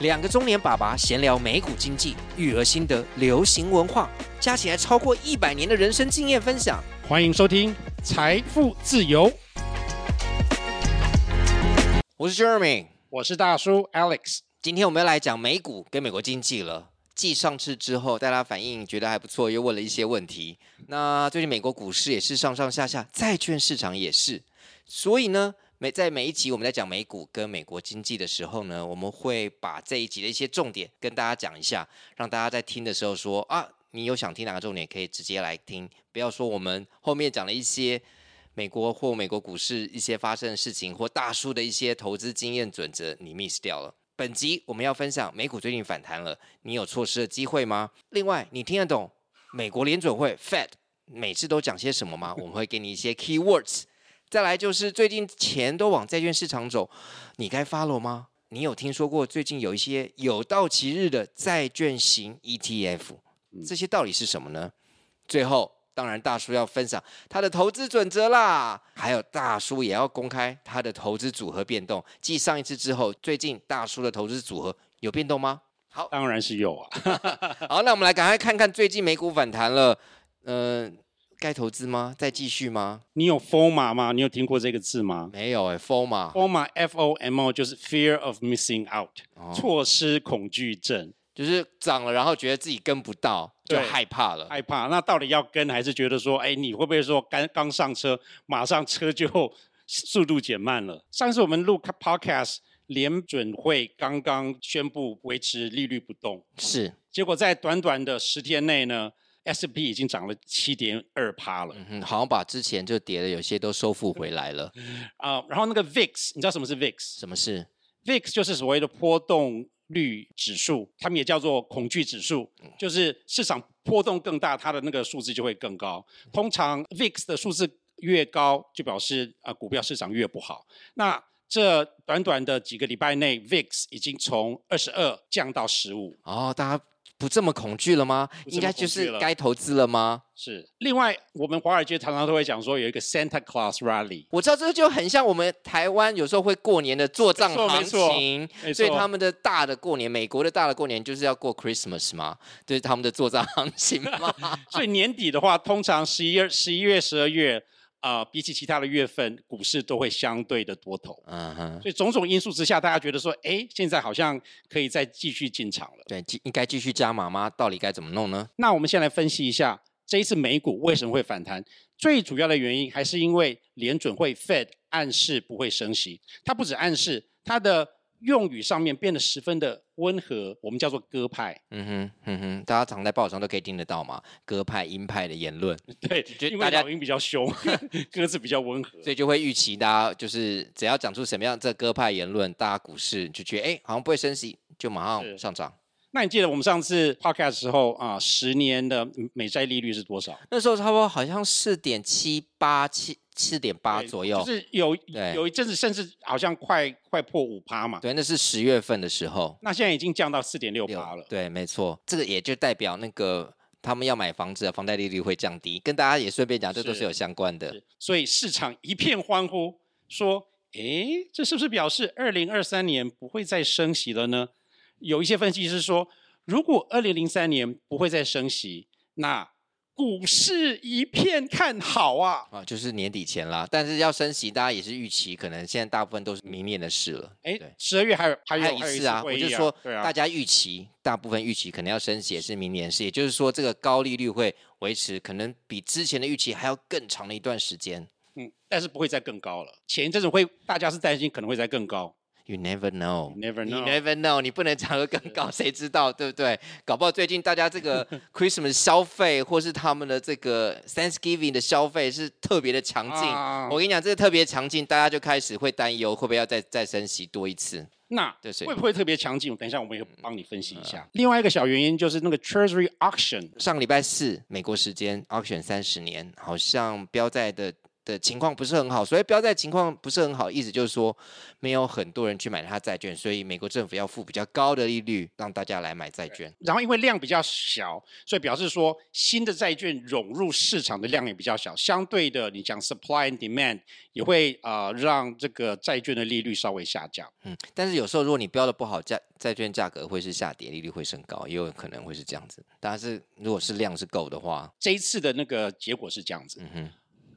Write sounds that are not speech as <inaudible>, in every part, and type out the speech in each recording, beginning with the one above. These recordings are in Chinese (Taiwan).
兩個中年爸爸閒聊美股經濟、育兒心得、流行文化，加起來超過一百年的人生經驗分享。歡迎收聽《財父自由》。我是 Jeremy，我是大叔 Alex。今天我們要來講美股跟美國經濟了。繼上次之後，大家反應覺得還不錯，又問了一些問題。那最近美國股市也是上上下下，債券市場也是。所以呢，每在每一集我們在講美股跟美國經濟的時候呢，我們會把這一集的一些重點跟大家講一下，讓大家在聽的時候說啊，你有想聽哪個重點，可以直接來聽，不要說我們後面講了一些美國或美國股市一些發生的事情或大叔的一些投資經驗準則你 miss 掉了。本集我們要分享美股最近反彈了，你有錯失的機會嗎？另外，你聽得懂美國聯準會 Fed 每次都講些什麼嗎？我們會給你一些 keywords。再來就是最近錢都往債券市場走，你該 follow 嗎？你有聽說過最近有一些有到期日的債券型 ETF，這些到底是什麼呢？嗯、最後，當然大叔要分享他的投資準則啦，還有大叔也要公開他的投資組合變動。繼上一次之後，最近大叔的投資組合有變動嗎？好，當然是有啊。 <laughs> 好，那我們來趕快看看最近美股反彈了，嗯、呃。該投資嗎？再繼續嗎？你有 m 馬嗎？你有聽過這個字嗎？沒有哎、欸，瘋馬。m 馬 F O M O 就是 Fear of Missing Out，錯失、哦、恐懼症，就是長了然後覺得自己跟不到，對就害怕了。害怕，那到底要跟還是覺得說，哎，你會不會說，剛剛上車馬上車就速度減慢了？上次我們錄 Podcast 聯準會剛剛宣布維持利率不動，是結果在短短的十天內呢？S&P 已經漲了七點二趴了、嗯哼，好像把之前就跌的有些都收復回來了啊、 <laughs> 呃。然後那個 VIX，你知道什麼是 VIX？什麼是 VIX？就是所謂的波動率指數，他們也叫做恐懼指數，就是市場波動更大，它的那個數字就會更高。通常 VIX 的數字越高，就表示啊、呃、股票市場越不好。那這短短的幾個禮拜內，VIX 已經從二十二降到十五。哦，大家。不這麼恐懼了嗎？了應該就是該投資了嗎？是。另外，我們華爾街常常都會講說有一個 Santa Claus Rally，我知道這個就很像我們台灣有時候會過年的作帳行情。所以他們的大的過年，錯美國的大的過年就是要過 Christmas 嘛，對他們的作帳行情嘛。 <laughs> 所以年底的話，通常十一月、十一月、十二月。啊、呃，比起其他的月份，股市都會相對的多頭。嗯哼、uh-huh. 所以種種因素之下，大家覺得說，哎，現在好像可以再繼續進場了。對，應該繼續加碼嗎？到底該怎麼弄呢？那我們先來分析一下這一次美股為什麼會反彈。最主要的原因還是因為聯準會 Fed 暗示不會升息，它不止暗示它的。用語上面變得十分的溫和，我們叫做鴿派。嗯哼，嗯哼，大家常在報紙上都可以聽得到嘛，鴿派、鷹派的言論。對，大家因為老鷹比較凶，鴿子 <laughs> 比較溫和，所以就會預期大家就是只要講出什麼樣這鴿派言論，大家股市就覺得哎、欸、好像不會升息，就馬上上漲。那你記得我們上次 podcast 時候啊，十年的美債利率是多少？那時候差不多好像四點七八七，四點八左右，就是有對有一陣子甚至好像快快破五趴嘛。對，那是十月份的時候。那現在已經降到四點六趴了。對，沒錯，這個也就代表那個他們要買房子的房貸利率會降低，跟大家也順便講，這都是有相關的。所以市場一片歡呼，說：“誒、欸，這是不是表示二零二三年不會再升息了呢？”有一些分析師說，如果二零零三年不會再升息，那股市一片看好啊！啊，就是年底前啦。但是要升息，大家也是預期，可能現在大部分都是明年的事了。哎，十二月還有還有，還有一次啊！次啊我就說，大家預期、啊、大部分預期可能要升息也是明年事，是也就是說，這個高利率會維持，可能比之前的預期還要更長的一段時間。嗯，但是不會再更高了。前一陣子會，大家是擔心可能會再更高。You never know. You never know. y never know. 你不能長得更高，誰知道，對不對？搞不好最近大家這個 Christmas 消費， <laughs> 或是他們的這個 Thanksgiving 的消費是特別的強勁。啊、我跟你講，這個特別強勁，大家就開始會擔憂，會不會要再再升息多一次？那對會不會特別強勁？等一下，我們也會幫你分析一下。嗯呃、另外一個小原因就是那個 Treasury Auction 上個禮拜四美國時間 Auction 三十年，好像標在的。的情況不是很好，所以標債情況不是很好，意思就是說沒有很多人去買他債券，所以美國政府要付比較高的利率讓大家來買債券。然後因為量比較小，所以表示說新的債券融入市場的量也比較小，相對的你講 supply and demand 也會啊、嗯呃、讓這個債券的利率稍微下降。嗯，但是有時候如果你標的不好，債債券價格會是下跌，利率會升高，也有可能會是這樣子。但是如果是量是夠的話，這一次的那個結果是這樣子。嗯哼。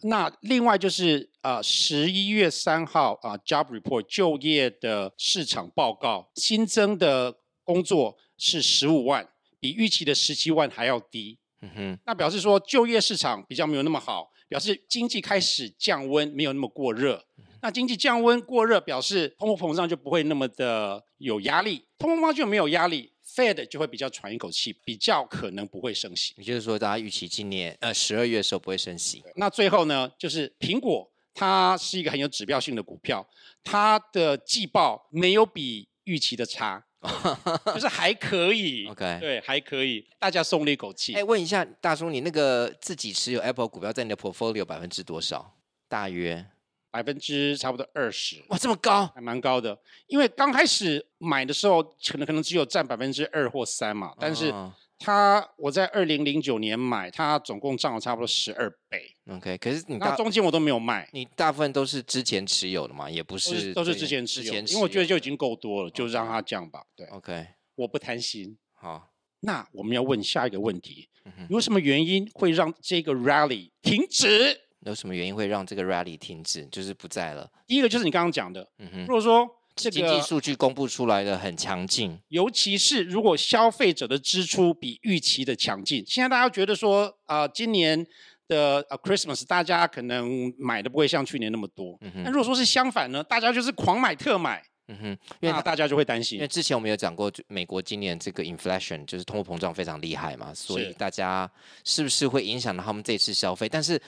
那另外就是，啊，十一月三號啊，呃，Job Report 就業的市場報告，新增的工作是十五萬，比預期的十七萬還要低。嗯哼，那表示說就業市場比較沒有那麼好，表示經濟開始降溫，沒有那麼過熱。嗯哼，那經濟降溫過熱，表示通貨膨脹就不會那麼的有壓力，通貨膨脹就沒有壓力。Fed 就會比較喘一口氣，比較可能不會升息。也就是說，大家預期今年呃十二月的時候不會升息。那最後呢，就是蘋果它是一個很有指標性的股票，它的季報沒有比預期的差， <laughs> 就是還可以。OK，對，還可以，大家鬆了一口氣。哎、欸，問一下大叔，你那個自己持有 Apple 股票在你的 portfolio 百分之多少？大約。百分之差不多二十，哇，這麼高，還蠻高的。因為剛開始買的時候，可能可能只有佔百分之二或三嘛。但是它，我在二零零九年買，它總共漲了差不多十二倍。OK，可是那中間我都沒有賣，你大部分都是之前持有的嘛？也不是，都是，都是之前，之前持有，因為我覺得就已經夠多了，Okay. 就讓它這樣吧。對，OK，我不貪心。好，那我們要問下一個問題：嗯哼，有什麼原因會讓這個 rally 停止？有什麼原因會讓這個 rally 停止，就是不在了？第一個就是你剛剛講的，嗯哼，如果說這個經濟數據公布出來的很強勁，尤其是如果消費者的支出比預期的強勁，嗯、現在大家覺得說，啊、呃，今年的呃 Christmas 大家可能買的不會像去年那麼多。嗯哼。那如果說是相反呢？大家就是狂買特買。嗯哼。啊、因為那大家就會擔心，因為之前我們有講過，就美國今年這個 inflation 就是通貨膨脹非常厲害嘛，所以大家是不是會影響到他們這次消費？但是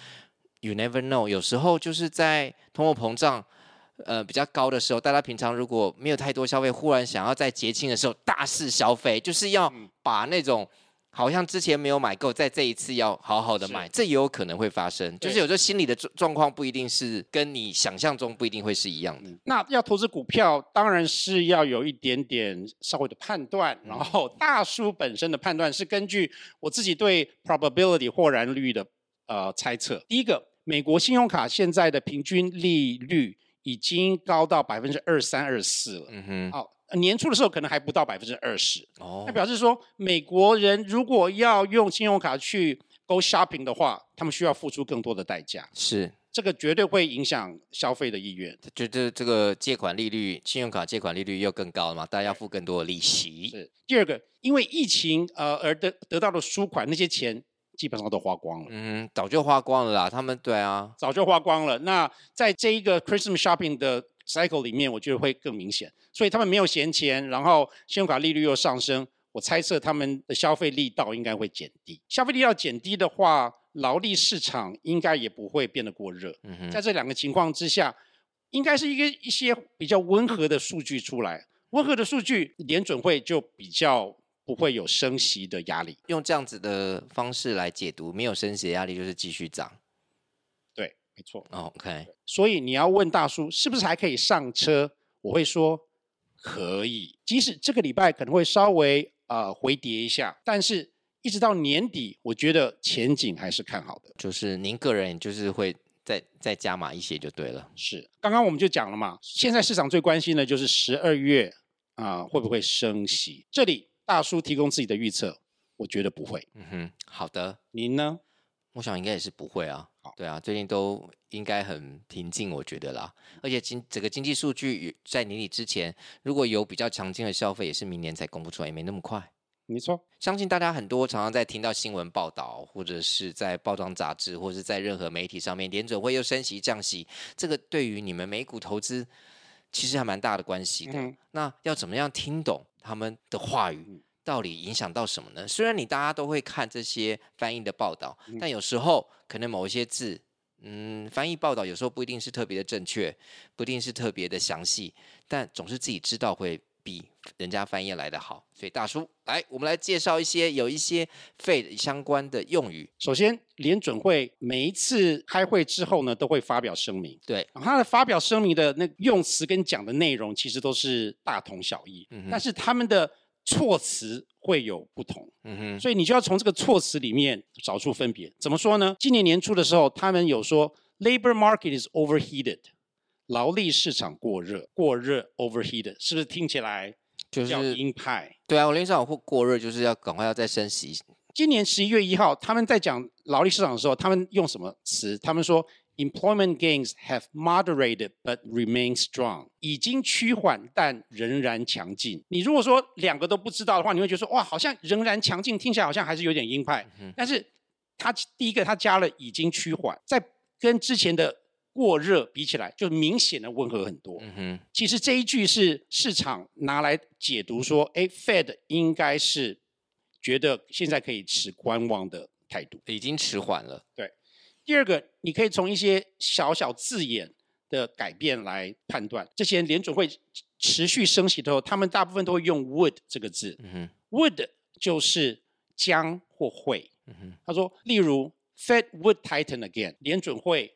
You never know，有時候就是在通貨膨脹，呃比較高的時候，大家平常如果沒有太多消費，忽然想要在節慶的時候大肆消費，就是要把那種、嗯、好像之前沒有買夠，在這一次要好好的買，是這也有可能會發生。對就是有時候心理的狀況不一定是跟你想象中不一定會是一樣的。嗯、那要投資股票，當然是要有一點點稍微的判斷，然後大叔本身的判斷是根據我自己對 probability 或然率的呃猜測。第一個。美國信用卡現在的平均利率已經高到百分之二三二四了。嗯哼。好，年初的時候可能還不到百分之二十。哦。他表示說，美國人如果要用信用卡去 go shopping 的話，他們需要付出更多的代價。是。這個絕對會影響消費的意願。就這這個借款利率，信用卡借款利率又更高了嘛？大家要付更多的利息。是。第二個，因為疫情呃而得得到的紓緩那些錢。基本上都花光了，嗯，早就花光了啦。他們。對啊，早就花光了。那在這一個 Christmas shopping 的 cycle 裡面，我覺得會更明顯。所以他們沒有閒錢，然後信用卡利率又上升，我猜測他們的消費力道應該會減低。消費力道減低的話，勞力市場應該也不會變得過熱。嗯哼。在這兩個情況之下，應該是一個一些比較溫和的數據出來。溫和的數據，聯準會就比較不會有升息的壓力，用這樣子的方式來解讀，沒有升息的壓力就是繼續漲。對，沒錯。OK，所以你要問大叔是不是還可以上車？我會說可以，即使這個禮拜可能會稍微啊、呃、回跌一下，但是一直到年底，我覺得前景還是看好的。就是您個人就是會再再加碼一些就對了。是，剛剛我們就講了嘛，是現在市場最關心的就是十二月啊、呃、會不會升息，這裡。大叔提供自己的預測，我覺得不會。嗯哼，好的，您呢？我想應該也是不會啊。好對啊，最近都應該很平靜，我覺得啦。而且經整個經濟數據在年底之前，如果有比較強勁的消費，也是明年才公布出來，也沒那麼快。沒錯說，相信大家很多常常在聽到新聞報道，或者是在報章雜誌，或者是在任何媒體上面，聯準會又升息降息，這個對於你們美股投資。其實還蠻大的關係的。那要怎麼樣聽懂他們的話語，到底影響到什麼呢？雖然你大家都會看這些翻譯的報道，但有時候可能某一些字，嗯，翻譯報道有時候不一定是特別的正確，不一定是特別的詳細，但總是自己知道會比人家翻譯來的好，所以大叔來，我們來介紹一些有一些 FADE 相關的用語。首先，連準會每一次開會之後呢，都會發表聲明。對，然後他的發表聲明的那用詞跟講的內容其實都是大同小異，嗯哼，但是他們的措辭會有不同，嗯哼，所以你就要從這個措辭裡面找出分別。怎麼說呢？今年年初的時候，他們有說，labor market is overheated。勞力市場過熱，過熱 （overheated） 是不是聽起來叫就是要鷹派？對啊，我聯想我過過熱就是要趕快要再升息。今年十一月一號他們在講勞力市場的時候，他們用什麼詞？他們說 “employment gains have moderated but remain strong”，已經趨緩但仍然強勁。你如果說兩個都不知道的話，你會覺得說哇，好像仍然強勁，聽起來好像還是有點鷹派。嗯哼。但是他第一個，他加了已經趨緩，在跟之前的。過熱比起來，就明顯的溫和很多。嗯哼，其實這一句是市場拿來解讀說，哎，Fed 應該是覺得現在可以持觀望的態度，已經遲緩了。對，第二個，你可以從一些小小字眼的改變來判斷。這些聯準會持續升息之後，他們大部分都會用 would 這個字。would 就是將或會。嗯哼，他說，例如 Fed would tighten again，聯準會。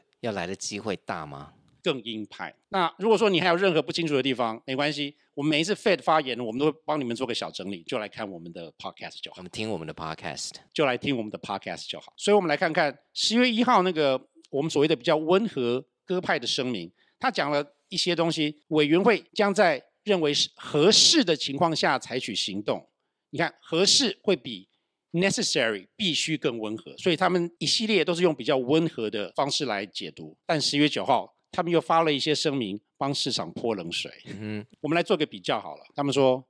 要來的機會大嗎？更鷹派。那如果說你還有任何不清楚的地方，沒關係，我們每一次 Fed 發言，我們都會幫你們做個小整理，就來看我們的 podcast 就好。我們聽我們的 podcast，就來聽我們的 podcast 就好。所以，我們來看看十月一號那個我們所謂的比較溫和鴿派的聲明，他講了一些東西，委員會將在認為是合適的情況下採取行動。你看，合適會比。necessary 必須更溫和，所以他們一系列都是用比較溫和的方式來解讀。但十月九號，他們又發了一些聲明，幫市場潑冷水。嗯哼、mm，hmm. 我們來做個比較好了。他們說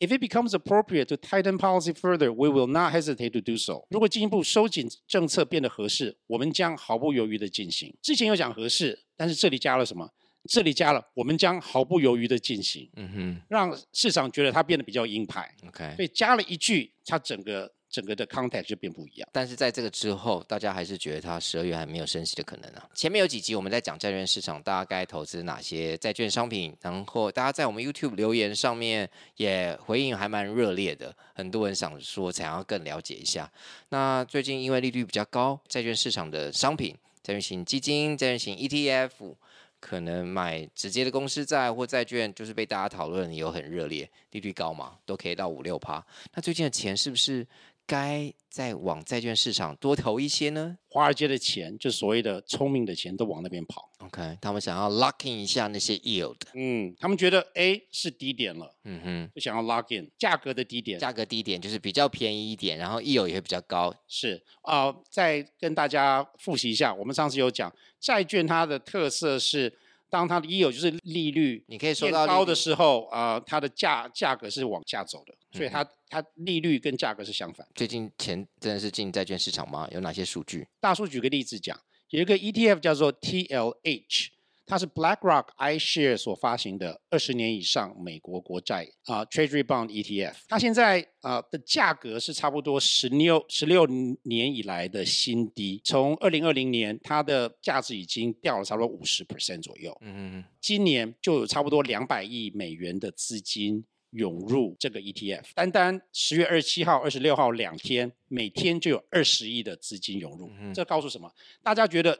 ，If it becomes appropriate to tighten policy further, we will not hesitate to do so，如果進一步收緊政策變得合適，我們將毫不猶豫的進行。之前有講合適，但是這裡加了什麼？這裡加了我們將毫不猶豫的進行。嗯哼、mm，hmm. 讓市場覺得它變得比較鷹派。OK，所以加了一句，它整個整個的 context 就變不一樣，但是在這個之後，大家還是覺得它十二月還沒有升息的可能啊。前面有幾集我們在講債券市場，大概投資哪些債券商品，然後大家在我們 YouTube 留言上面也回應還蠻熱烈的，很多人想說想要更了解一下。那最近因為利率比較高，債券市場的商品，債券型基金、債券型 ETF，可能買直接的公司債或債券，就是被大家討論有很熱烈，利率高嘛，都可以到五六趴。那最近的錢是不是？該再往債券市場多投一些呢？華爾街的錢，就所謂的聰明的錢，都往那邊跑。OK，他們想要 lock in 一下那些 yield。嗯，他們覺得 A 是低點了，嗯哼，就想要 lock in 價格的低點。價格低點就是比較便宜一點，然後 yield 也會比較高。是啊，呃，再跟大家複習一下，我們上次有講債券它的特色是。當它的 e 有就是利率，你可以收到的高的時候，呃，它的價價格是往下走的，嗯、哼所以它它利率跟價格是相反。最近錢真的是進債券市場嗎？有哪些數據？大叔舉個例子講，有一個 ETF 叫做 TLH。它是 BlackRock iShares 所發行的二十年以上美國國債啊 Treasury Bond ETF，它現在啊的價格是差不多十六十六年以來的新低，從二零二零年它的價值已經掉了差不多五十 percent 左右，嗯哼哼，今年就有差不多兩百億美元的資金湧入這個 ETF，單單十月二十七號、二十六號兩天，每天就有二十億的資金湧入，嗯哼，這告訴什麼？大家覺得？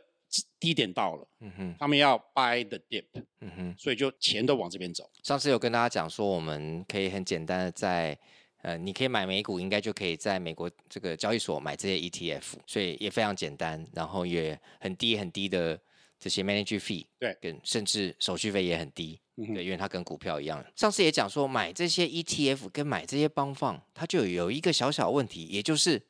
低點到了，嗯哼，他們要 buy the dip，嗯哼，所以就錢都往這邊走。上次有跟大家講說，我們可以很簡單的在，呃，你可以買美股，應該就可以在美國這個交易所買這些 ETF，所以也非常簡單，然後也很低很低的這些 manager fee，對，跟甚至手續費也很低，嗯哼對，因為它跟股票一樣。嗯、哼上次也講說，買這些 ETF 跟買這些幫放，它就有有一個小小問題，也就是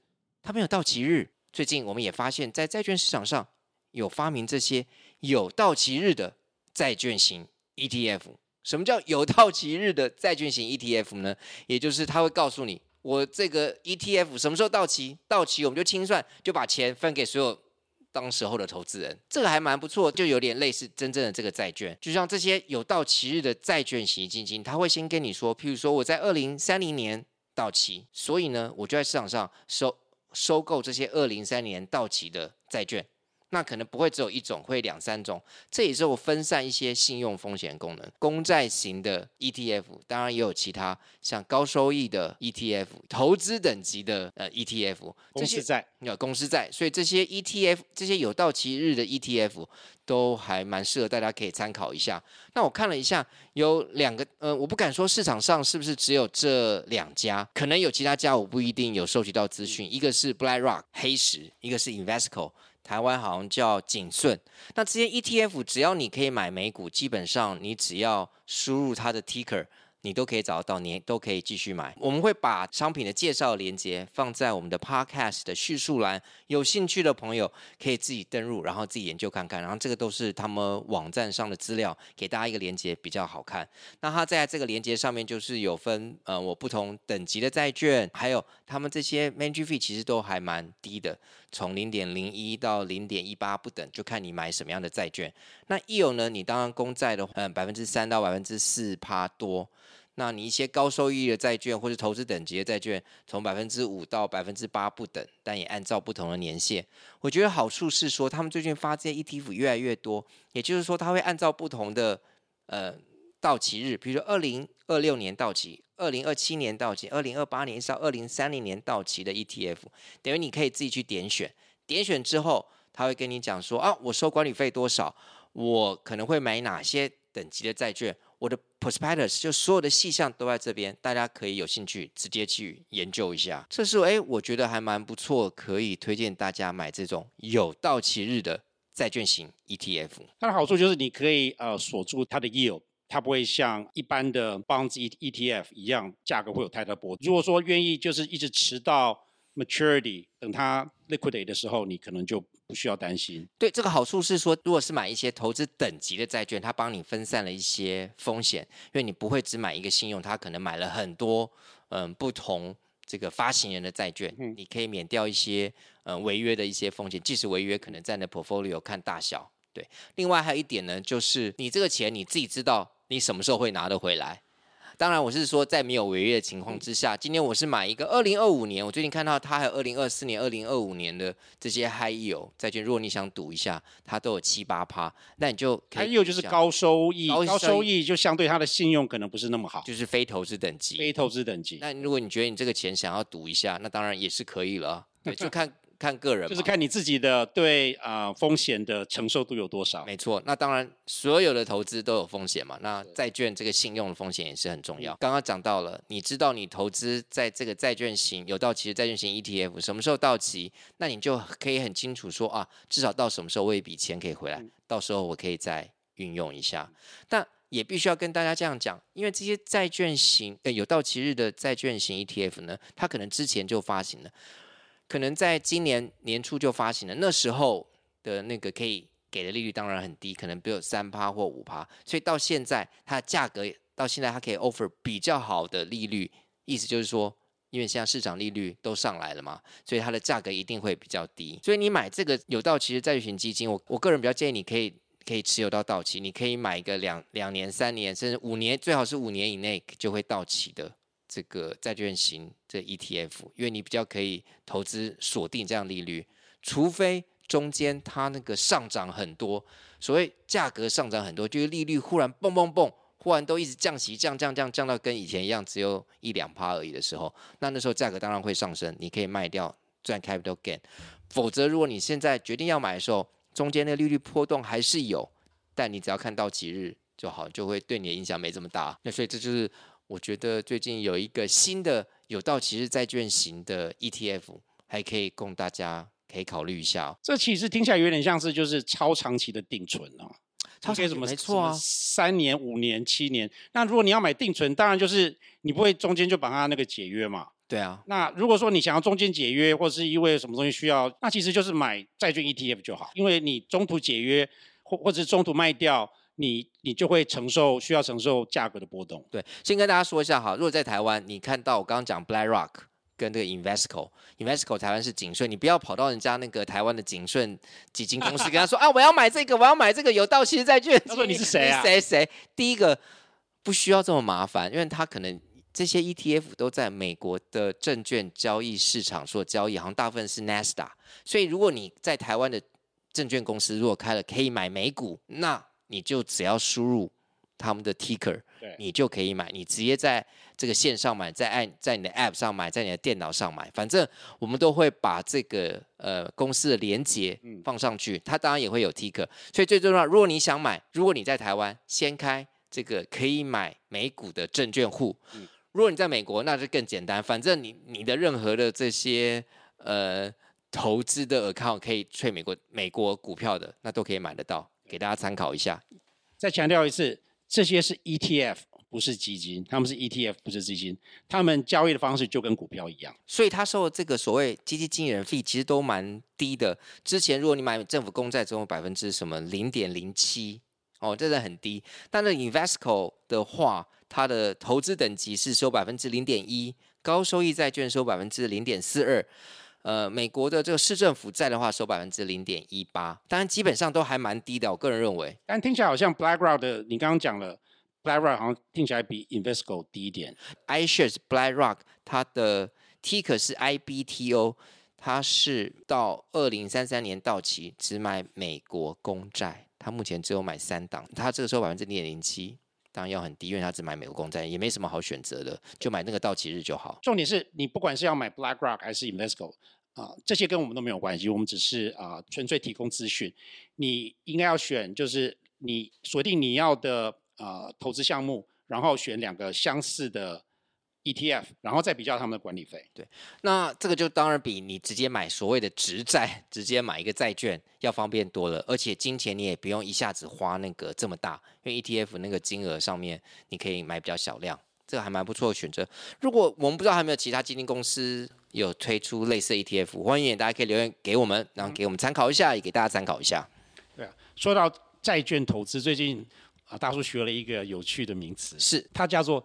它沒有到期日。最近我們也發現，在債券市場上，有發明這些有到期日的債券型 ETF，什麼叫有到期日的債券型 ETF 呢？也就是他會告訴你，我這個 ETF 什麼時候到期？到期我們就清算，就把錢分給所有當時候的投資人。這個還蠻不錯，就有點類似真正的這個債券。就像這些有到期日的債券型基金，他會先跟你說，譬如說我在二零三零年到期，所以呢，我就在市場上收收購這些二零三零年到期的債券。那可能不會只有一種，會兩三種，這也是我分散一些信用風險的功能，公債型的 ETF，當然也有其他像高收益的 ETF，投資等級的呃 ETF，這些公司債有公司債，所以這些 ETF，這些有到期日的 ETF 都還蠻適合大家可以參考一下。那我看了一下，有兩個，呃，我不敢說市場上是不是只有這兩家，可能有其他家，我不一定有收集到資訊。一個是 BlackRock 黑石，一個是 Invesco。台灣好像叫景順，那這些 ETF 只要你可以買美股，基本上你只要輸入它的 Ticker，你都可以找得到，你都可以繼續買。我們會把商品的介紹連接放在我們的 Podcast 的敘述欄，有興趣的朋友可以自己登入，然後自己研究看看。然後這個都是他們網站上的資料，給大家一個連接比較好看。那它在這個連接上面就是有分呃我不同等級的債券，還有他們這些 management fee 其實都還蠻低的。從零點零一到零點一八不等，就看你買什麼樣的債券。那 yield 呢，你當然公債的話，嗯、呃，百分之三到百分之四趴多。那你一些高收益的債券或是投資等級的債券，從百分之五到百分之八不等，但也按照不同的年限。我覺得好處是說，他們最近發這些 ETF 越來越多，也就是說，他會按照不同的，呃。到期日，比如說二零二六年到期，二零二七年到期，二零二八年一直到二零三零年到期的 ETF，等於你可以自己去點選，點選之後他會跟你講說啊，我收管理費多少，我可能會買哪些等級的債券，我的 Prospectus 就所有的細項都在這邊，大家可以有興趣直接去研究一下。這是哎，我覺得還蠻不錯，可以推薦大家買這種有到期日的債券型 ETF。它的好處就是你可以呃鎖住它的 yield。它不會像一般的 bonds ETF 一樣，價格會有太大波動。如果說願意就是一直持到 maturity，等它 liquidate 的時候，你可能就不需要擔心。對，這個好處是說，如果是買一些投資等級的債券，它幫你分散了一些風險，因為你不會只買一個信用，它可能買了很多，嗯，不同這個發行人的債券，嗯。你可以免掉一些，嗯，違約的一些風險。即使違約，可能在那 portfolio 看大小。對，另外還有一點呢，就是你這個錢你自己知道。你什麼時候會拿得回來？當然，我是說在沒有違約的情況之下。嗯、今天我是買一個二零二五年，我最近看到它還有二零二四年、二零二五年的這些 High Yield 債券。Io, 如果你想賭一下，它都有七八趴，那你就可以賭一下。High Yield 就是高收益，高收益就相對它的信用可能不是那麼好，就是，麼好就是非投資等級，非投資等級、嗯。那如果你覺得你這個錢想要賭一下，那當然也是可以了，對就看。 <laughs> 看個人，就是看你自己的對啊、呃、風險的承受度有多少。沒錯，那當然所有的投資都有風險嘛。那債券這個信用的風險也是很重要。對剛剛講到了，你知道你投資在這個債券型有到期的債券型 ETF 什麼時候到期，那你就可以很清楚說啊，至少到什麼時候我一筆錢可以回來，嗯、到時候我可以再運用一下。嗯、但也必須要跟大家這樣講，因為這些債券型、呃、有到期日的債券型 ETF 呢，它可能之前就發行了。可能在今年年初就發行了，那時候的那個可以給的利率當然很低，可能比如三趴或五趴，所以到現在它的價格到現在它可以 offer 比較好的利率，意思就是說，因為現在市場利率都上來了嘛，所以它的價格一定會比較低。所以你買這個有到期的債券型基金，我我個人比較建議你可以可以持有到到期，你可以買一個兩兩年、三年甚至五年，最好是五年以內就會到期的這個債券型這個 ETF，因為你比較可以投資鎖定這樣利率，除非中間它那個上漲很多，所謂價格上漲很多，就是利率忽然蹦蹦蹦，忽然都一直降息，降降降降到，跟以前一樣只有一兩趴而已的時候，那那時候價格當然會上升，你可以賣掉賺 capital gain。否則如果你現在決定要買的時候，中間那個利率波動還是有，但你只要看到期日就好，就會對你的影響沒這麼大。那所以這就是。我覺得最近有一個新的有到期日債券型的 ETF，還可以供大家可以考慮一下、哦、這其實聽起來有點像是就是超長期的定存哦、啊，超什麼？沒錯啊，三年、五年、七年。那如果你要買定存，當然就是你不會中間就把它那個解約嘛。對啊。那如果說你想要中間解約，或是因為什麼東西需要，那其實就是買債券 ETF 就好，因為你中途解約或或者是中途賣掉。你你就會承受，需要承受價格的波動。對，先跟大家說一下哈，如果在台灣，你看到我剛剛講 BlackRock 跟這個 Invesco，Invesco 台灣是景順，你不要跑到人家那個台灣的景順基金公司跟他說 <laughs> 啊，我要買這個，我要買這個有到期的債券。他說你是誰啊？誰誰？第一個不需要這麼麻煩，因為他可能這些 ETF 都在美國的證券交易市場做交易，好像大部分是 Nasdaq，所以如果你在台灣的證券公司如果開了可以買美股，那。你就只要輸入他們的 ticker，對你就可以買。你直接在這個線上買，在在你的 app 上買，在你的電腦上買，反正我們都會把這個呃公司的連接放上去。嗯、它當然也會有 ticker，所以最重要，如果你想買，如果你在台灣，先開這個可以買美股的證券戶。嗯、如果你在美國，那就更簡單，反正你你的任何的這些呃投資的 account 可以 trade 美國美國股票的，那都可以買得到。給大家參考一下。再強調一次，這些是 ETF，不是基金，他們是 ETF，不是基金，他們交易的方式就跟股票一樣。所以它收這個所謂基金經理人費，其實都蠻低的。之前如果你買政府公債，只有百分之什麼零點零七，哦，真的很低。但是 Invesco 的話，它的投資等級是收百分之零點一，高收益債券收百分之零點四二。呃，美國的這個市政府債的話，收百分之零點一八，當然基本上都還蠻低的。我個人認為，但聽起來好像 BlackRock 的你剛剛講了 BlackRock 好像聽起來比 Invesco 低一點。iShares BlackRock 它的 Ticker 是 IBTO，它是到二零三三年到期，只買美國公債。它目前只有買三檔，它這個時候百分之零點零七。當然要很低，因為他只買美國公債，也沒什麼好選擇的，就買那個到期日就好。重點是你不管是要買 BlackRock 還是 Invesco 啊、呃，這些跟我們都沒有關係，我們只是啊、呃、純粹提供資訊。你應該要選，就是你鎖定你要的啊、呃、投資項目，然後選兩個相似的。ETF，然後再比較他們的管理費。對，那這個就當然比你直接買所謂的直債，直接買一個債券要方便多了，而且金錢你也不用一下子花那個這麼大，因為 ETF 那個金額上面你可以買比較小量，這個還蠻不錯的選擇。如果我們不知道還有沒有其他基金公司有推出類似 ETF，歡迎大家可以留言給我們，然後給我們參考一下，嗯、也給大家參考一下。對啊，說到債券投資，最近啊，大叔學了一個有趣的名詞，是它叫做。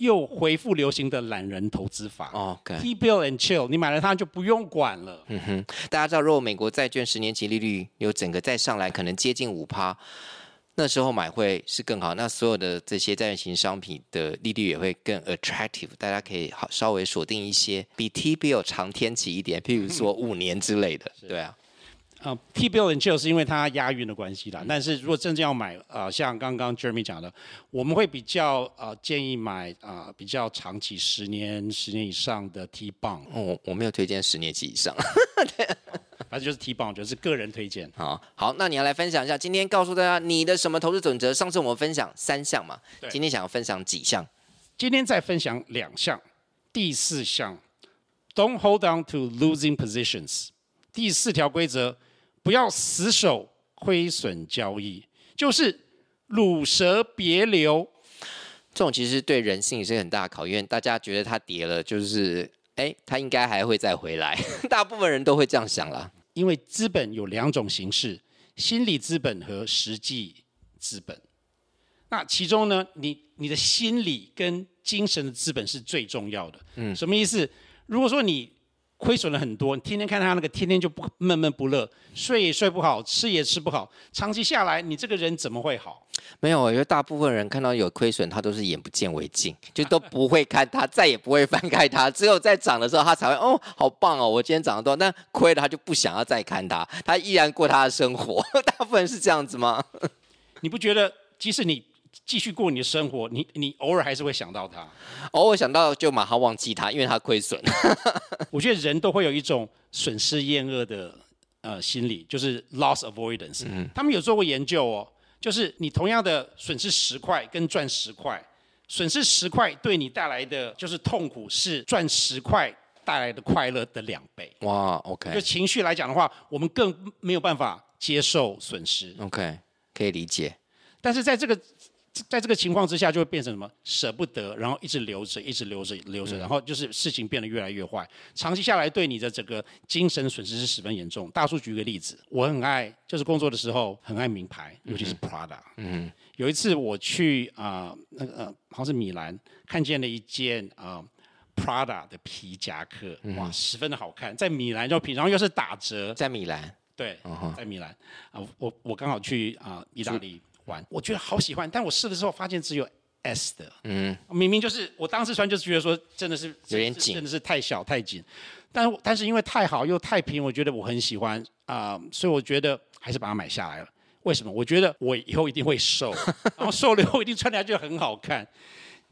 又回復流行的懶人投資法 Okay. T bill and chill，你買了它就不用管了。嗯哼，大家知道，如果美國債券十年期利率有整個再上來，可能接近五趴，那時候買會是更好。那所有的這些債券型商品的利率也會更 attractive，大家可以好稍微鎖定一些，比 T bill 長天期一點，譬如說五年之類的，嗯、對啊。啊、uh, T-bill and chill 就是因為它押韻的關係啦。嗯、但是如果真正要買，啊、呃，像剛剛 Jeremy 講的，我們會比較啊、呃，建議買啊、呃、比較長期十年十年以上的 T bond 我、哦、我沒有推薦十年期以上， <laughs> 對，反正就是 T bond，就是個人推薦啊。好，那你要來分享一下，今天告訴大家你的什麼投資準則？上次我們分享三項嘛，對今天想要分享幾項？今天再分享兩項，第四項，Don't hold on to losing positions，第四條規則。不要死守虧損交易，就是魯蛇別留。這種其實對人性也是很大的考驗。大家覺得它跌了，就是哎，它應該還會再回來。大部分人都會這樣想啦，因為資本有兩種形式：心理資本和實際資本。那其中呢，你你的心理跟精神的資本是最重要的。嗯，什麼意思？如果說你虧損了很多，你天天看他那個，天天就不悶悶不樂，睡也睡不好，吃也吃不好，長期下來，你這個人怎麼會好？沒有，我覺得大部分人看到有虧損，他都是眼不見為淨，就都不會看他，啊、再也不會翻開他。只有在漲的時候，他才會哦，好棒哦，我今天漲了多少。那虧了，他就不想要再看他，他依然過他的生活。大部分人是這樣子嗎？你不覺得，即使你，繼續過你的生活，你你偶爾還是會想到他，偶爾、oh, 想到就馬上忘記他，因為他虧損。 <laughs> 我覺得人都會有一種損失厭惡的、呃、心理，就是 loss avoidance。嗯、他們有做過研究哦，就是你同樣的損失十塊跟賺十塊，損失十塊對你帶來的就是痛苦，是賺十塊帶來的快樂的兩倍。哇 Wow，OK。就情緒來講的話，我們更沒有辦法接受損失。OK，可以理解。但是在這個在這個情況之下，就會變成什麼？捨不得，然後一直留着，一直留着，留着，嗯、然後就是事情變得越來越壞。長期下來，對你的整個精神損失是十分嚴重。大叔舉個例子，我很愛，就是工作的時候很愛名牌，尤其是 Prada、嗯。嗯。有一次我去啊、呃，那個、呃、好像是米蘭，看見了一件啊、呃、Prada 的皮夾克，嗯、哼哇，十分的好看，在米蘭就平，然後又是打折，在米蘭。對。哦、吼在米蘭啊，我我剛好去啊、呃、就意大利。我覺得好喜歡，但我試的時候發現只有 S 的， 嗯，明明就是我當時穿就是覺得說真的是有點緊真，真的是太小太緊，但是但是因為太好又太平，我覺得我很喜歡啊、呃，所以我覺得還是把它買下來了。為什麼？我覺得我以後一定會瘦， <laughs> 然後瘦了以後一定穿起來就很好看。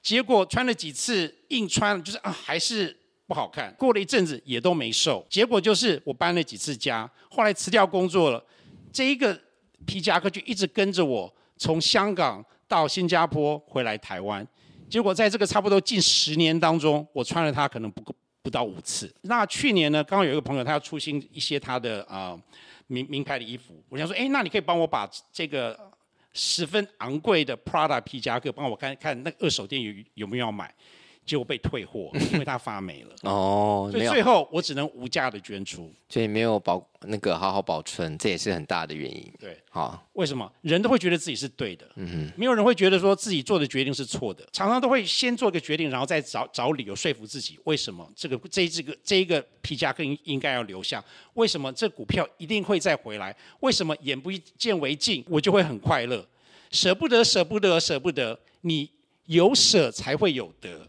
結果穿了幾次硬穿就是啊還是不好看，過了一陣子也都沒瘦。結果就是我搬了幾次家，後來辭掉工作了，這一個皮夾克就一直跟着我，從香港到新加坡回來台灣，結果在這個差不多近十年當中，我穿了它可能不夠，不到五次。那去年呢，剛好有一個朋友他要出新一些他的啊、呃、名、名牌的衣服，我想說，誒，那你可以幫我把這個十分昂貴的 Prada 皮夾克，幫我看看那個二手店有、有沒有要買。就被退貨，因為它發霉了。 <laughs> 哦，所以最後我只能無價的捐出，所以沒有保那個好好保存，這也是很大的原因。對，好，為什麼人都會覺得自己是對的？嗯哼，沒有人會覺得說自己做的決定是錯的，常常都會先做一個決定，然後再找找理由說服自己。為什麼這個這一這個這一，一個皮夾更應該要留下？為什麼這股票一定會再回來？為什麼眼不見為淨，我就會很快樂？捨不得，捨不得，捨不得。你有捨才會有得。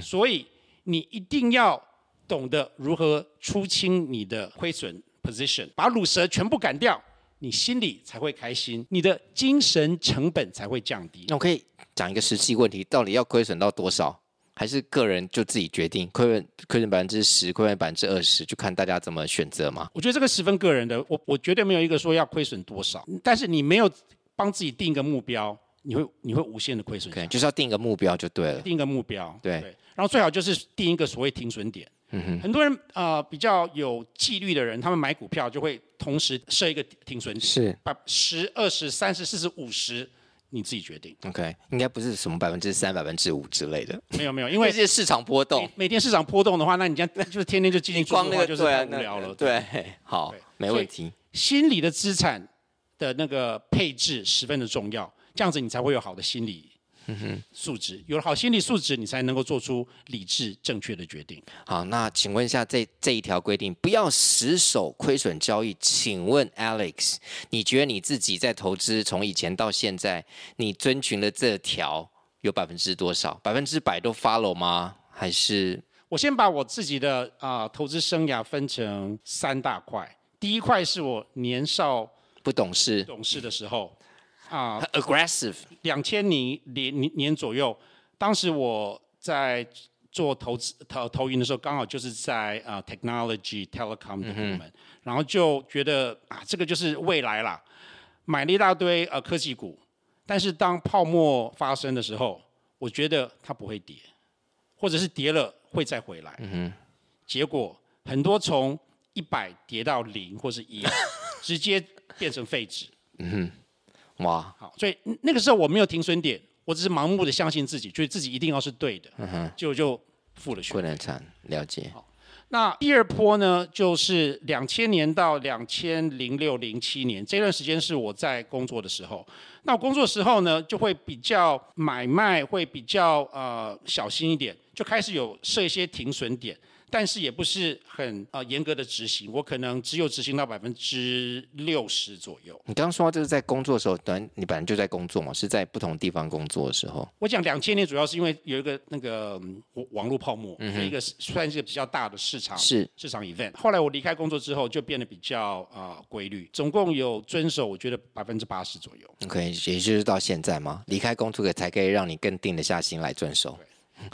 所以你一定要懂得如何出清你的虧損 position，把魯蛇全部趕掉,你心裡才會開心，你的精神成本才會降低。那我可以講一個實際問題，到底要虧損到多少？還是個人就自己決定，虧虧損百分之十，虧損百分之二十，就看大家怎麼選擇嘛？我覺得這個十分個人的，我我絕對沒有一個說要虧損多少，但是你沒有幫自己定一個目標。你會你會無限的虧損，okay, 就是要定一個目標就對了。定一個目標，對，對。然後最好就是定一個所謂停損點。嗯哼。很多人呃比較有紀律的人，他們買股票就會同時設一個停，停損點，是，百分之十、二十、三十、四十、五十，你自己決定。OK，應該不是什麼百分之三、百分之五之類的。沒有沒有，因為這些市場波動，每天市場波動的話，那你這樣就是天天就進行的，光那個就是很無聊了。對，好，對沒問題。心理的資產的那個配置十分的重要。這樣子你才會有好的心理素質，嗯、哼有了好心理素質，你才能夠做出理智正確的決定。好，那請問一下這，這這一條規定不要死守虧損交易，請問 Alex，你覺得你自己在投資從以前到現在，你遵循了這條有百分之多少？百分之百都 follow 嗎？還是我先把我自己的啊、呃、投資生涯分成三大塊，第一塊是我年少不懂事懂事的時候。嗯啊，aggressive。兩千零零年左右，當時我在做投資投投研的時候，剛好就是在、uh, technology telecom 的部門，嗯、哼然後就覺得啊，這個就是未來啦，買了一大堆呃科技股。但是當泡沫發生的時候，我覺得它不會跌，或者是跌了會再回來。嗯、哼結果很多從一百跌到零或是一， <laughs> 直接變成廢紙。嗯哼哇，Wow. 好，所以那個時候我沒有停損點，我只是盲目的相信自己，覺得自己一定要是對的，就、uh huh. 就付了全。 <noise> 了解。好，那第二波呢，就是兩千年到兩千零六零七年這段時間是我在工作的時候。那我工作時候呢，就會比較買賣會比較呃小心一點，就開始有設一些停損點。但是也不是很、呃、嚴格的執行，我可能只有執行到百分之六十左右。你剛剛說就是在工作的時候，等你本來就在工作嘛，是在不同地方工作的時候。我講兩千年主要是因為有一個那個、嗯、網絡泡沫，嗯、哼一個算是一個比較大的市場是市場 event。後來我離開工作之後，就變得比較啊、呃、規律，總共有遵守，我覺得百分之八十左右。OK，也就是到現在嗎？離開工作才可以讓你更定得下心來遵守。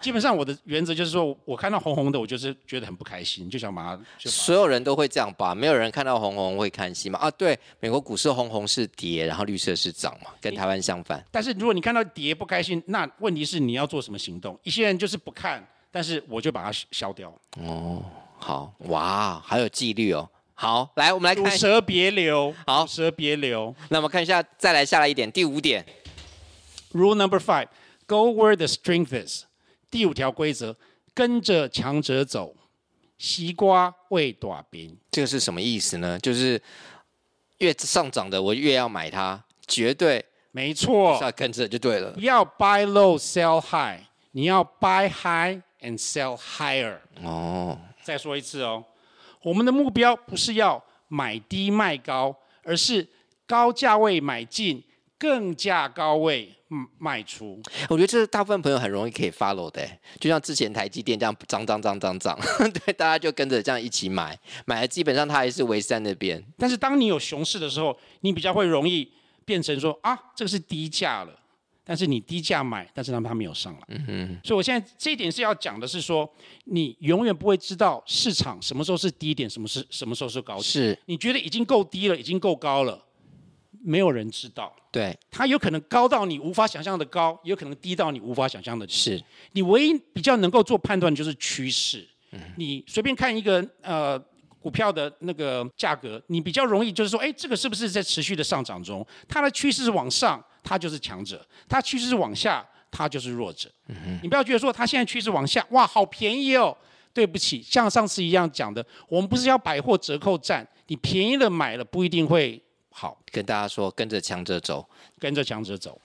基本上我的原則就是說，我看到紅紅的，我就是覺得很不開心，就想把它。所有人都會這樣吧？沒有人看到紅紅會看戲嗎？啊，對，美國股市紅紅是跌，然後綠色是漲嘛，跟台灣相反。但是如果你看到跌不開心，那問題是你要做什麼行動？一些人就是不看，但是我就把它消掉。哦，好，哇，好有紀律哦。好，來，我們來看。吐舌別流。好，吐舌別流。流那麼看一下，再來下來一點，第五點。Rule number five: Go where the strength is. 第五條規則：跟着強者走，西瓜偎大邊。這個是什麼意思呢？就是越上漲的，我越要買它，絕對沒錯。只要跟着就對了。不要 buy low sell high，你要 buy high and sell higher。哦，再說一次哦，我們的目標不是要買低賣高，而是高價位買進。更加高位、嗯、賣出，我覺得這是大部分朋友很容易可以 follow 的，欸，就像之前台積電這樣漲漲漲漲，對，大家就跟着這樣一起買，買了基本上它還是維持在那邊。但是當你有熊市的時候，你比較會容易變成說啊，這個是低價了，但是你低價買，但是它它沒有上來，嗯哼。所以我現在這一點是要講的是說，你永遠不會知道市場什麼時候是低點，什麼是什麼時候是高點，是你覺得已經夠低了，已經夠高了。沒有人知道，對，它有可能高到你無法想象的高，有可能低到你無法想象的。是，你唯一比較能夠做判斷，就是趨勢。嗯、哼你隨便看一個呃股票的那個價格，你比較容易就是說，誒、哎，這個是不是在持續的上漲中？它的趨勢是往上，它就是強者；它趨勢是往下，它就是弱者。嗯、哼你不要覺得說它現在趨勢往下，哇，好便宜哦！對不起，像上次一樣講的，我們不是要百貨折扣戰，你便宜了買了不一定會。好，跟大家說，跟着強者走，跟着強者走。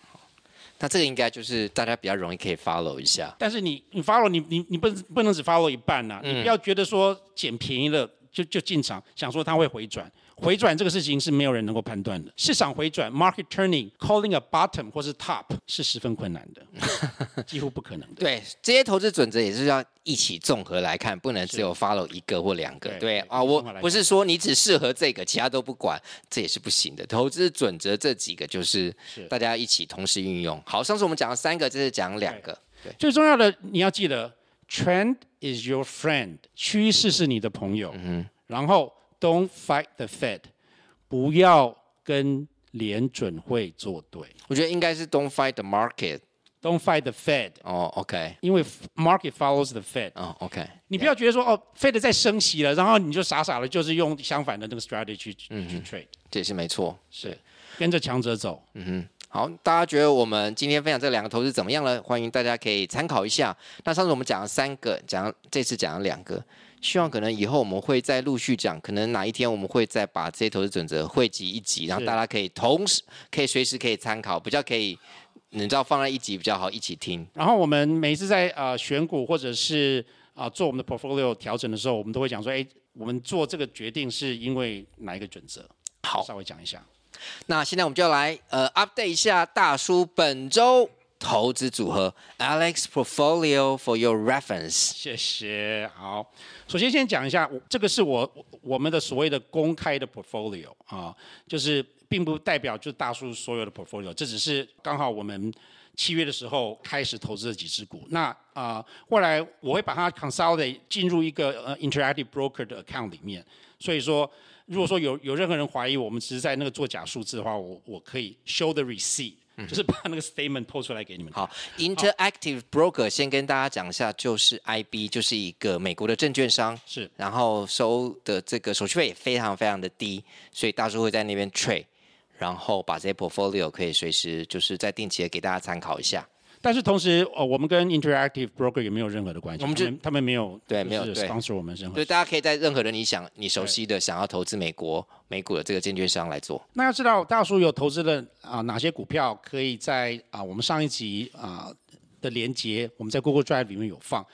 那這個應該就是大家比較容易可以 follow 一下。但是你你 follow 你你你不你不能只 follow 一半吶，啊，嗯，你不要覺得說撿便宜了就就進場，想說他會回轉。回轉這個事情是沒有人能夠判斷的。市場回轉 （market turning），calling a bottom 或是 top 是十分困難的， <laughs> 幾乎不可能的。對，這些投資準則也是要一起綜合來看，不能只有 follow 一個或兩個。對，對，對啊，我不是說你只適合這個，其他都不管，這也是不行的。投資準則這幾個就是大家一起同時運用。好，上次我們講了三個，這次講兩個。對對最重要的你要記得對，trend is your friend，趨勢是你的朋友。對嗯哼，然後。Don't fight the Fed，不要跟聯準會作對。我覺得應該是 Don't fight the market，Don't fight the Fed。哦、oh,，OK。因為 market follows the Fed。哦、oh,，OK、yeah.。你不要覺得說哦，Fed 在升息了，然後你就傻傻的，就是用相反的那個 strategy 去去 trade、嗯。這也是沒錯。是，跟着強者走。嗯哼。好，大家覺得我們今天分享這兩個投資怎麼樣呢？歡迎大家可以參考一下。那上次我們講了三個，講這次講了兩個。希望可能以後我們會再陸續講，可能哪一天我們會再把這些投資準則匯集一集，然後大家可以同時、可以隨時可以參考，比較可以，你知道放在一集比較好一起聽。然後我們每一次在呃選股或者是啊、呃、做我們的 portfolio 調整的時候，我們都會講說，哎，我們做這個決定是因為哪一個準則？好，稍微講一下。那現在我們就來呃 update 一下大叔本週。投資組合，Alex portfolio for your reference。謝謝，好，首先先講一下，這個是我我們的所謂的公開的 portfolio 啊、呃，就是並不代表就大叔所有的 portfolio，這只是剛好我們七月的時候開始投資的幾只股。那啊、呃，後來我會把它 consolidate 進入一個呃 interactive broker 的 account 裡面，所以說如果說有有任何人懷疑我們只是在那個做假數字的話，我我可以 show the receipt。嗯、就是把那個 statement po 出來給你們。好，Interactive Broker 好先跟大家講一下，就是 IB 就是一個美國的證券商，是，然後收的這個手續費也非常非常的低，所以大叔會在那邊 trade，然後把這些 portfolio 可以隨時就是再定期的給大家參考一下。但是同時，呃，我們跟 Interactive Broker 也沒有任何的關係，我們只，他們沒有對，沒有是 sponsor< 對>我們任何。所以大家可以在任何的你想、你熟悉的對想要投資美國美股的這個證券商來做。那要知道大叔有投資的啊、呃、哪些股票，可以在啊、呃、我們上一集啊、呃、的連接，我們在 Google Drive 裡面有放。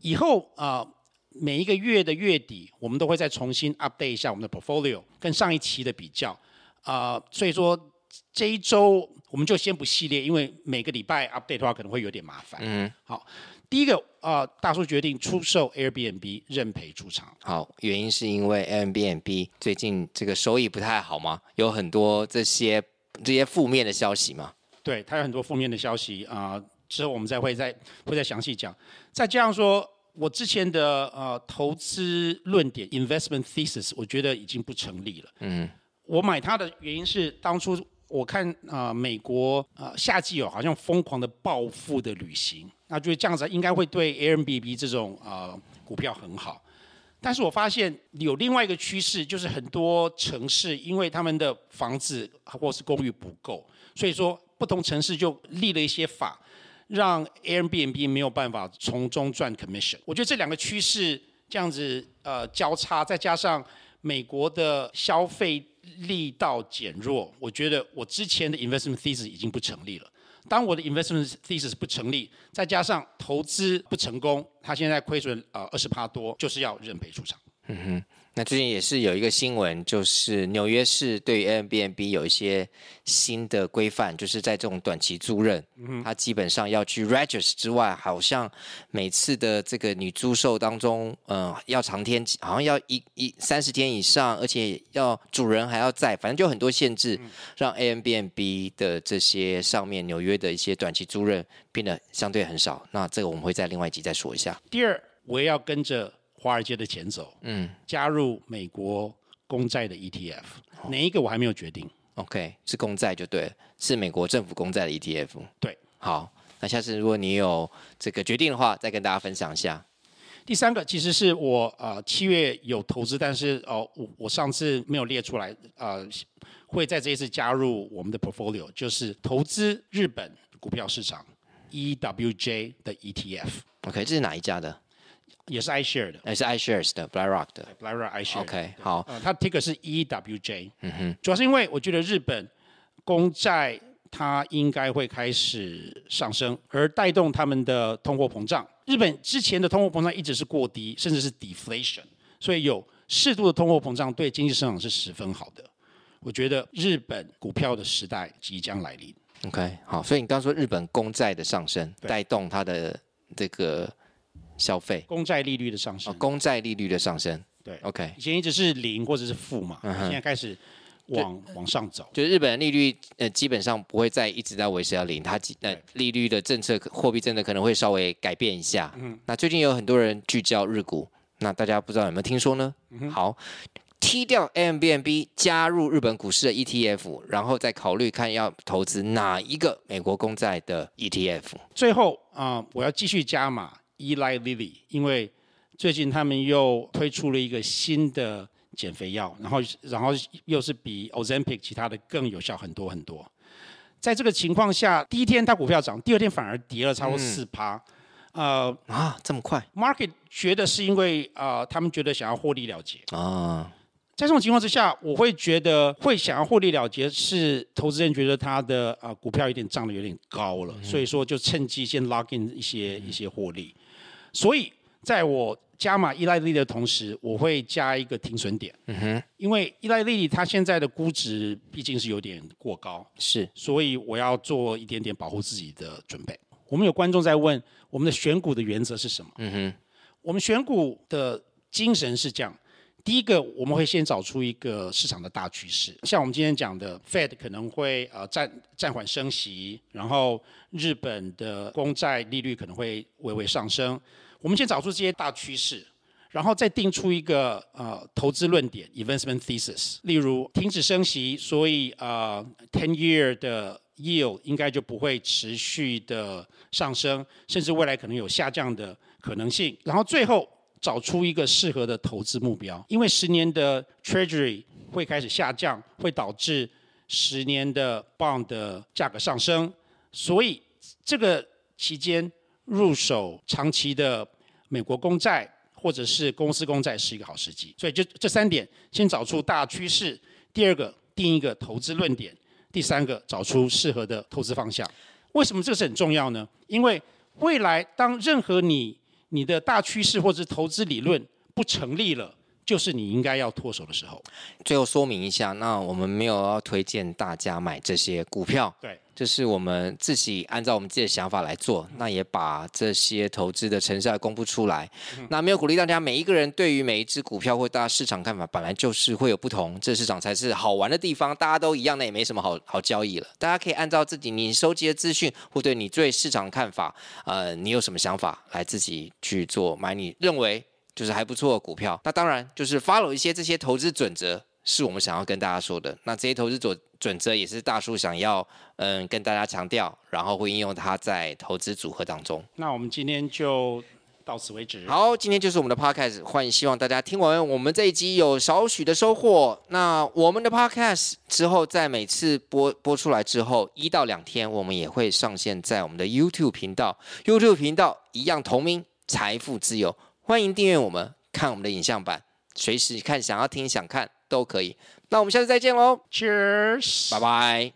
以後啊、呃、每一個月的月底，我們都會再重新 update 一下我們的 Portfolio 跟上一期的比較啊、呃，所以說。這一週我們就先不系列，因為每個禮拜 update 的話可能會有點麻煩。嗯，好，第一個啊、呃，大叔決定出售 Airbnb，認賠出場。好，原因是因為 Airbnb 最近這個收益不太好嘛，有很多這些這些負面的消息嘛。對，它有很多負面的消息啊、呃，之後我們再會再會再詳細講。再加上說我之前的呃投資論點 investment thesis，我覺得已經不成立了。嗯，我買它的原因是當初。我看啊、呃，美國啊、呃、夏季有好像瘋狂的暴富的旅行，那就是這樣子，應該會對 Airbnb 這種啊、呃、股票很好。但是我發現有另外一個趨勢，就是很多城市因為他們的房子或是公寓不夠，所以說不同城市就立了一些法，讓 Airbnb 沒有辦法從中賺 commission。我覺得這兩個趨勢這樣子呃交叉，再加上美國的消費。力道減弱，我覺得我之前的 investment thesis 已經不成立了。當我的 investment thesis 不成立，再加上投資不成功，他現在虧損呃二十趴多，就是要認賠出場。嗯哼那最近也是有一個新聞，就是紐約市對 Airbnb 有一些新的規範，就是在這種短期租任，嗯、哼它基本上要去 register 之外，好像每次的這個女租售當中，嗯、呃，要長天，好像要一一三十天以上，而且要主人還要在，反正就很多限制，嗯、讓 Airbnb 的這些上面紐約的一些短期租任變得相對很少。那這個我們會在另外一集再說一下。第二，我也要跟着。華爾街的前走，嗯，加入美國公債的 ETF，哦，哪一個我還沒有決定。OK，是公債就對了，是美國政府公債的 ETF。對，好，那下次如果你有這個決定的話，再跟大家分享一下。第三個其實是我呃七月有投資，但是哦、呃、我，我上次沒有列出來，呃，會在這一次加入我們的 portfolio，就是投資日本股票市場 EWJ 的 ETF。OK，這是哪一家的？也是 I share 的也是 I shares 的 BlackRock 的 BlackRock I share。OK，對好，呃、它 Ticker 是 E W J。嗯哼，主要是因為我覺得日本公債它應該會開始上升，而帶動他們的通貨膨脹。日本之前的通貨膨脹一直是過低，甚至是 deflation，所以有適度的通貨膨脹對經濟增長是十分好的。我覺得日本股票的時代即將來臨。OK，好，所以你剛,剛說日本公債的上升對帶動它的這個。消費公債利率的上升，哦、公債利率的上升，對，OK，以前一直是零或者是負嘛，嗯、哼現在開始往就往上走，就日本利率呃基本上不會再一直在維持到零，它對、呃、利率的政策貨幣政策可能會稍微改變一下。嗯哼，那最近有很多人聚焦日股，那大家不知道有沒有聽說呢？嗯、哼好，踢掉 M B M B，加入日本股市的 E T F，然後再考慮看要投資哪一個美國公債的 E T F。最後啊、呃，我要繼續加碼。Eli Lilly 因為最近他們又推出了一個新的減肥藥，然後然後又是比 Ozempic 其他的更有效很多很多。在這個情況下，第一天它股票漲，第二天反而跌了差不多，超過四趴。嗯呃、啊，這麼快？Market 覺得是因為啊、呃，他們覺得想要獲利了結啊。在這種情況之下，我會覺得會想要獲利了結，是投資人覺得他的啊、呃、股票有點漲得有點高了，嗯、所以說就趁機先 lock in 一些、嗯、一些獲利。所以，在我加碼依賴利的同時，我會加一個停損點。嗯哼，因為依賴利，它現在的估值畢竟是有點過高。是，所以我要做一點點保護自己的準備。我們有觀眾在問，我們的選股的原則是什麼？嗯哼，我們選股的精神是這樣：第一個，我們會先找出一個市場的大趨勢，像我們今天講的，Fed 可能會呃暫暫緩升息，然後日本的公債利率可能會微微上升。我們先找出這些大趨勢，然後再定出一個呃投資論點 e v e n t m e n thesis）。例如，停止升息，所以呃，ten-year 的 yield 應該就不會持續的上升，甚至未來可能有下降的可能性。然後最後找出一個適合的投資目標，因為十年的 treasury 會開始下降，會導致十年的 bond 的價格上升，所以這個期間。入手長期的美國公債或者是公司公債是一個好時機，所以這這三點，先找出大趨勢，第二個定一個投資論點，第三個找出適合的投資方向。為什麼這是很重要呢？因為未來當任何你你的大趨勢或者是投資理論不成立了。就是你應該要脫手的時候。最後說明一下，那我們沒有要推薦大家買這些股票，對，這是我們自己按照我們自己的想法來做，那也把這些投資的成效公布出來。嗯，那沒有鼓勵大家每一個人對於每一支股票或大家市場看法，本來就是會有不同，這市場才是好玩的地方。大家都一樣，那也沒什麼好好交易了。大家可以按照自己你收集的資訊或對你對市場看法，呃，你有什麼想法來自己去做買你認為，就是還不錯的股票，那當然就是 follow 一些這些投資準則，是我們想要跟大家說的。那這些投資準準則也是大叔想要嗯跟大家強調，然後會應用它在投資組合當中。那我們今天就到此為止。好，今天就是我們的 podcast，歡迎希望大家聽完我們這一集有少許的收穫。那我們的 podcast 之後，在每次播播出來之後一到兩天，我們也會上線在我們的 YouTube 頻道，YouTube 頻道一樣同名財父自由。歡迎訂閱我們，看我們的影像版，隨時看，想要聽、想看都可以。那我們下次再見嘍，Cheers，拜拜。